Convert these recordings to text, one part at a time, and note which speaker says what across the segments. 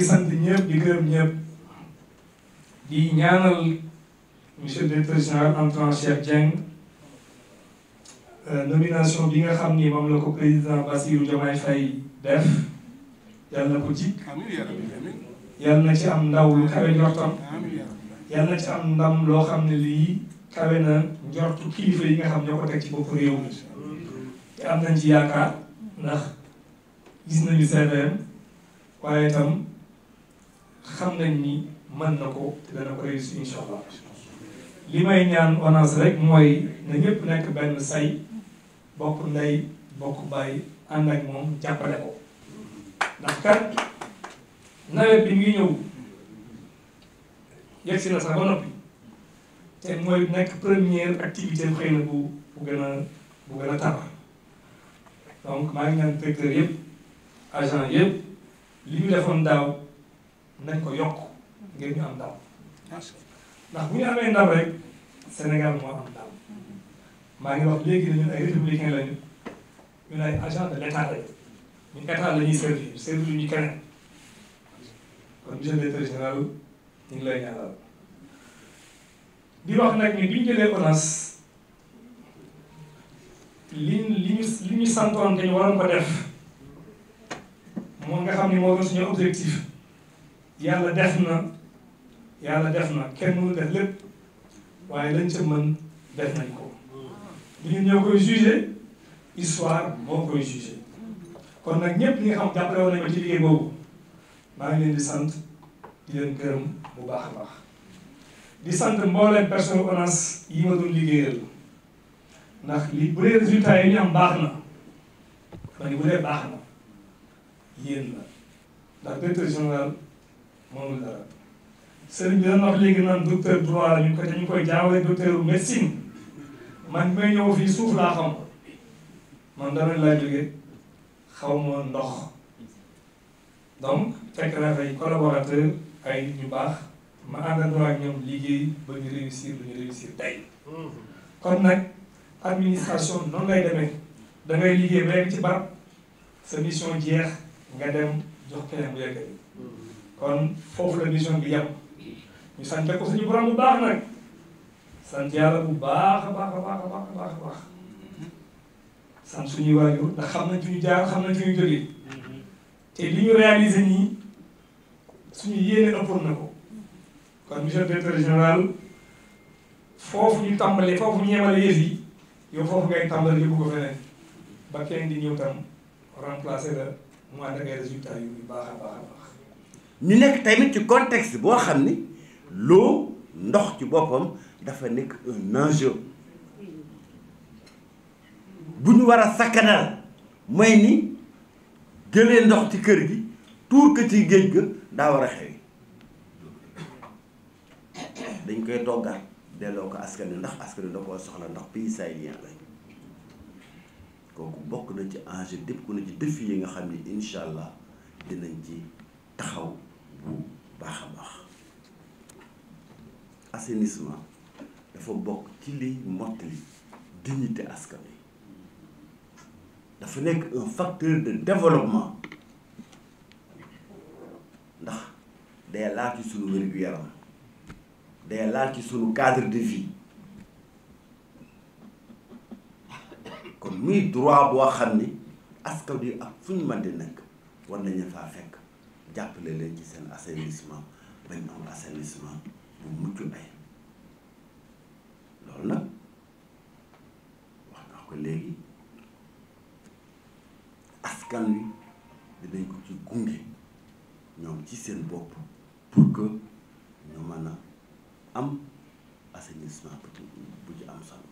Speaker 1: ngi sant ñëpp di gërëm ñëpp di ñaanal monsieur le directeur général Antoine Cheikh Dieng euh, nomination bi nga xam ni moom la a président Bassirou Diomaye Faye na ko ji yàlla na ci am ndaw lu kawe njortam yàlla na ci am ndam loo xam ne lii kawe na njortu kilifa yi nga xam ñoo ko teg ci bopp réew mi te am nañ ci yaakaar ndax gis nañu CVM waaye xam nañ ni mën na ko te dana ko réussir allah li may ñaan ONAS rek mooy na ñëpp nekk benn say bokk ndey bokk bàyyi ànd ak moom jàppale ko ndax kat nawet bi ngi ñëw yegg si na sax ba noppi te mooy nekk première activité xëy na bu bu gën a bu gën a tara donc maa ngi ñaan directeur li ñu defoon nañ ko yokk ngir ñu am ndam ndax bu ñu amee ndam rek Sénégal moo am ndam maa ngi wax léegi ne ñun ay républicain lañu ñun ay agent de l' état lañu ñun état la ñuy servir servir ñu keneen kon monsieur le directeur général ñu ngi lay ñaanal di wax nag ni bi ñu jëlee li li ñu li ñu santoon te ñu waroon ko def moom nga xam ni moo doon suñu yàlla def na yàlla def na kenn mënu def lépp waaye lañ ca mën def nañ ko li mm. ñun ñoo koy jugé histoire moo koy jugé kon nag ñëpp ñi nga xam jàppale woon nañ liggéey boobu maa ngi leen di sant di leen gërëm bu baax a baax di sant mbooleem personne ONAS yi ma doon liggéeyal ndax li bu dee résultat yi ñu am baax na ma ne bu dee baax na yéen la ndax directeur général moom la sëriñ bi na wax léegi naan docteur droit la ko dañu koy jaawale docteur man may ñëw fii suuf laa xam man dara laa jógee xaw ma ndox donc fekk naa fay collaborateur ay ñu baax ma àndandoo ak ñoom liggéey ba réussir lu ñu réussir tey kon nag administration noonu lay demee da ngay liggéey ba ci barab sa jeex nga dem jox keneen bu yeggali kon foofu la mission bi yem ñu sant ko suñu borom bu baax nag sant yàlla bu baax a baax a baax baax baax a baax sant suñuy waajur xam nañ fi ñu jaar xam nañ fi ñu jógee te li ñu réalisé nii suñu yéene ëppoon na ko kon monsieur le directeur général foofu ñu tàmbalee foofu ñu yemale yëf yi yow foofu ngay tàmbale yóbbu ko feneen ba kenn di ñëw tam remplacer la mu ànd ak ay résultats baax baax baax.
Speaker 2: ñu nekk tamit ci contexte boo xam ni loo ndox ci boppam dafa nekk un enjeu bu ñu war a sakkanal mooy ni jëlee ndox ci kër gi tuur ko ci géej ga daa war a xewi dañ koy toggaat delloo ko askan wi ndax askan wi da soxla ndax pays sahélien kooku bokk na ci enjeu dépp na ci défi yi nga xam ni incha allah dinañ ci taxaw assainissement dafa bokk ci liy mottali dignité askan wi dafa nekk un facteur de développement ndax day laal ci sunu wér-gu-yaram day laal ci sunu cadre de vie kon muy droit boo xam ni askan wi ak fu ñu mën di nekk war nañu faa fekk jàppale leen ci seen assainissement bañ am assainissement bu mucc ay loolu nag wax naa ko léegi askan wi dinañ ko ci gunge ñoom ci seen bopp pour que ñu mën a am assainissement bu ci am solo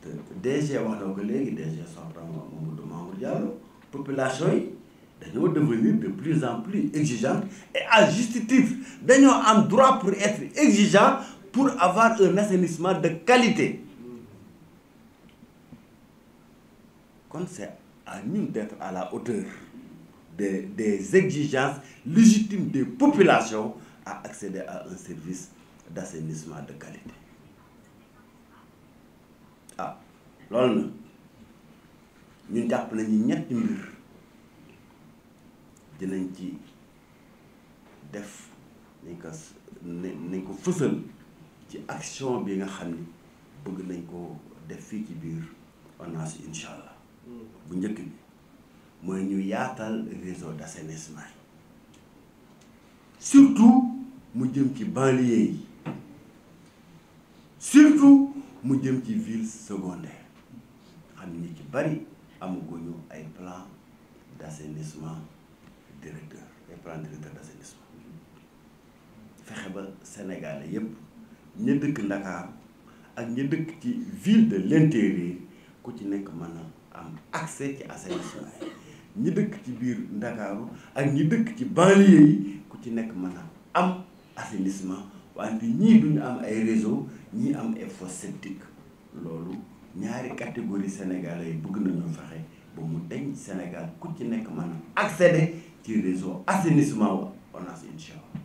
Speaker 2: te DG wax na ko léegi DG Soxna Mamadou Mamour Diallo population yi dañoo devenir de plus en plus exigeante et à juste titre dañoo am droit pour être exigeant pour avoir un assainissement de qualité kon c'est à ñun d'être à la hauteur des des exigences légitimes des population à accéder à un service d'assainissement de qualité ah loolu na ñun jàpp nañu ñetti mbir dinañ ci def nañ ko nañ ko fësal ci action bi nga xam ni bëgg nañ koo def fii ci biir ONAS incha allah hmm. bu njëkk bi mooy ñu yaatal réseau d'assainissement yi surtout mu jëm ci banlieue yi surtout mu jëm ci ville secondaire xam ni ci bari amaguñu ay plan d'assainissement directeur ay plan directeur d'assainissement fexe ba sénégalais yépp ña dëkk Ndakaar ak ña dëkk ci ville de l'intérieur ku ci nekk mën a am accès ci ñi dëkk ci biir Ndakaaru ak ñi dëkk ci banlieue yi ku ci nekk mën a am assainissement wante ñii duñu am ay réseau ñii am ay fosse loolu ñaari catégorie sénégalais yi bëgg nañu fexe ba mu deñ Sénégal ku ci nekk mën a accéder ci réseau assainissement wa ONAS incha allah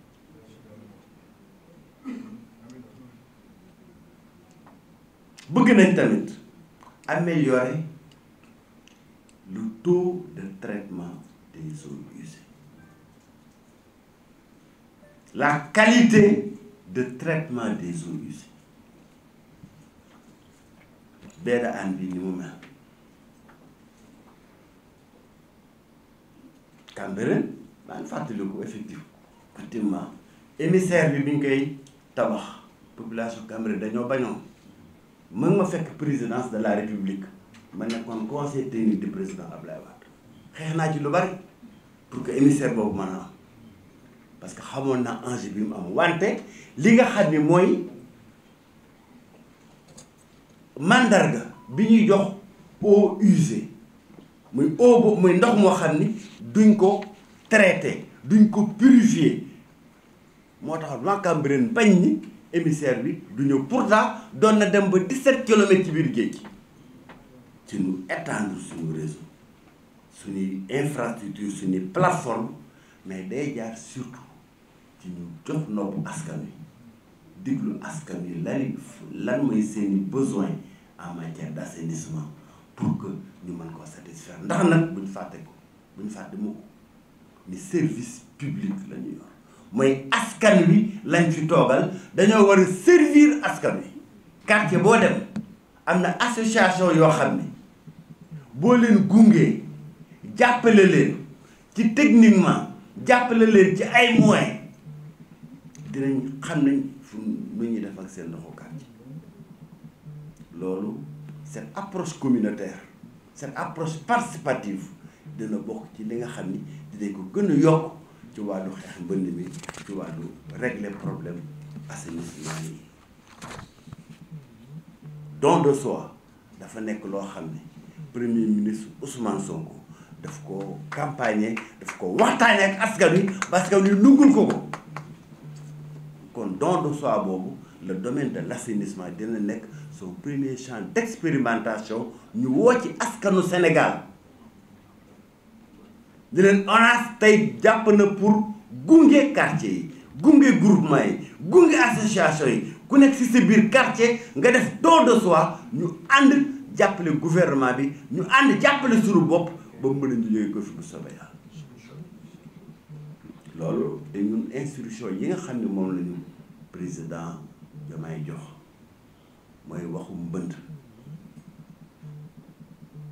Speaker 2: bëgg nañ tamit améliorer le taux de traitement des eaux usées la qualité de traitement des eaux usées. benn an bi ni Cambérène maa ngi fàttaliku effectivement émissaire bi bi ñu tabax population Cambérène dañoo bañoon mën nga fekk présidence de la république ma nekkoon conseil technique du président Ablaye Wade xeex naa ji lu bari pour que émissaire boobu man a am parce que xamoon naa enjeu bi mu am wante li nga xam ni mooy mandarga bi ñuy jox eaux usées muy eau boobu muy ndox moo xam ni duñ ko traité duñ ko purifier moo tax waa Cambérène bañ ni émissaire bi du ñëw pourtant doon na dem ba 17 kilomètres ci biir géej gi ci ñu étendre suñu réseau suñuy infrastructure suñuy plateforme mais day jaar surtout ci ñu jox nopp askan wi diglu askan wi lan lan mooy seeni besoin en matière d'assainissement pour que ñu mën koo satisfaire ndax nag buñ fàtte ko buñ fàtte mu ko ni service public la ñu mooy askan wi lañ fi toogal dañoo war a servir askan wi quartier boo dem am na association yoo xam ne boo leen gungee jàppale leen ci techniquement jàppale leen ci ay moyens dinañ xam nañ fu nu ñuy def ak seen loxo quartier loolu seen approche communautaire seen approche participative dina bokk ci li nga xam ni dinañ ko gën a yokk ci wàllu xeex mbënn mi ci wàllu régler problème assainissement yi de soi dafa nekk loo xam ne premier ministre Ousmane Sonko daf ko campagne daf ko waxtaane ak askan wi ba askan wi nungul ko ko kon don de soi boobu le domaine de l' assainissement dina nekk son premier champ d' expérimentation ñu woo ci askanu Sénégal di leen ONAS tey jàpp na pour gunge quartier yi gunge groupement yi gunge association yi ku nekk si sa biir quartier nga def don de soi ñu ànd jàppale gouvernement bi ñu ànd jàppale suñu bopp ba mën a ñu jógee ko fi bu soobee loolu te ñun instruction yi nga xam ne moom la ñu président Diomaye jox mooy waxu mbënd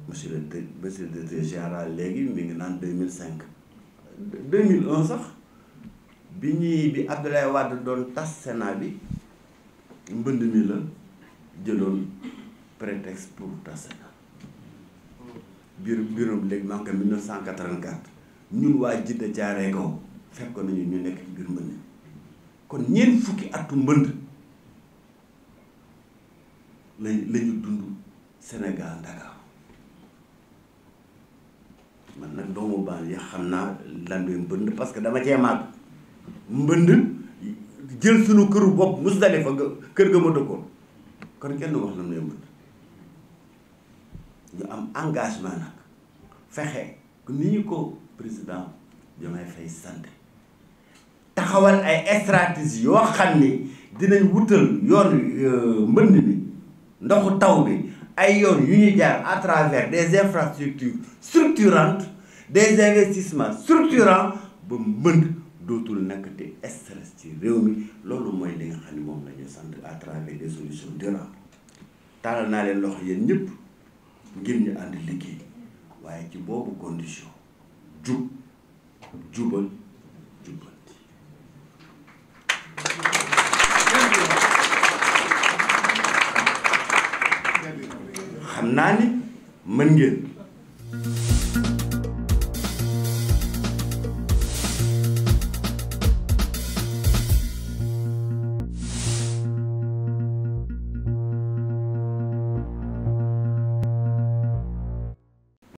Speaker 2: monsieur le de le directeur léegi mi ngi naan deux mille cinq deux mille un sax bi ñuy bi Abdoulaye Wade doon tas Sénat bi mbënd mi la jëloon prétexte pour tas Sénat biir biirom léegi maa ngi ko 1984 ñun waa Jidda Caaree Kaw fekkoon nañu ñu nekk ci biir mbënd kon ñeent fukki atu mbënd lañ lañu dund Sénégal Dakar man nag doomu baax ya xam naa lan mooy mbënd parce que dama cee màgg mbënd jël sunu këru bopp Musdalifa kër ga ma dëkkoon kon kenn wax lan mooy mbënd ñu am engagement nag fexe ni ñu ko président damay fay sant taxawal ay stratégie yoo xam ni dinañ wutal yoon euh, mbënd mi ndox taw bi ay yoon yu ñuy jaar à travers des infrastructures structurantes des investissements structurants ba mbënd dootul nekkati stress ci réew mi loolu mooy li nga xam ne moom la ñu sant à travers des solutions durables tàllal naa leen loxo yéen ñëpp ngir ñu ànd liggéey waaye ci boobu condition jub jubal xam naa ni mën ngeen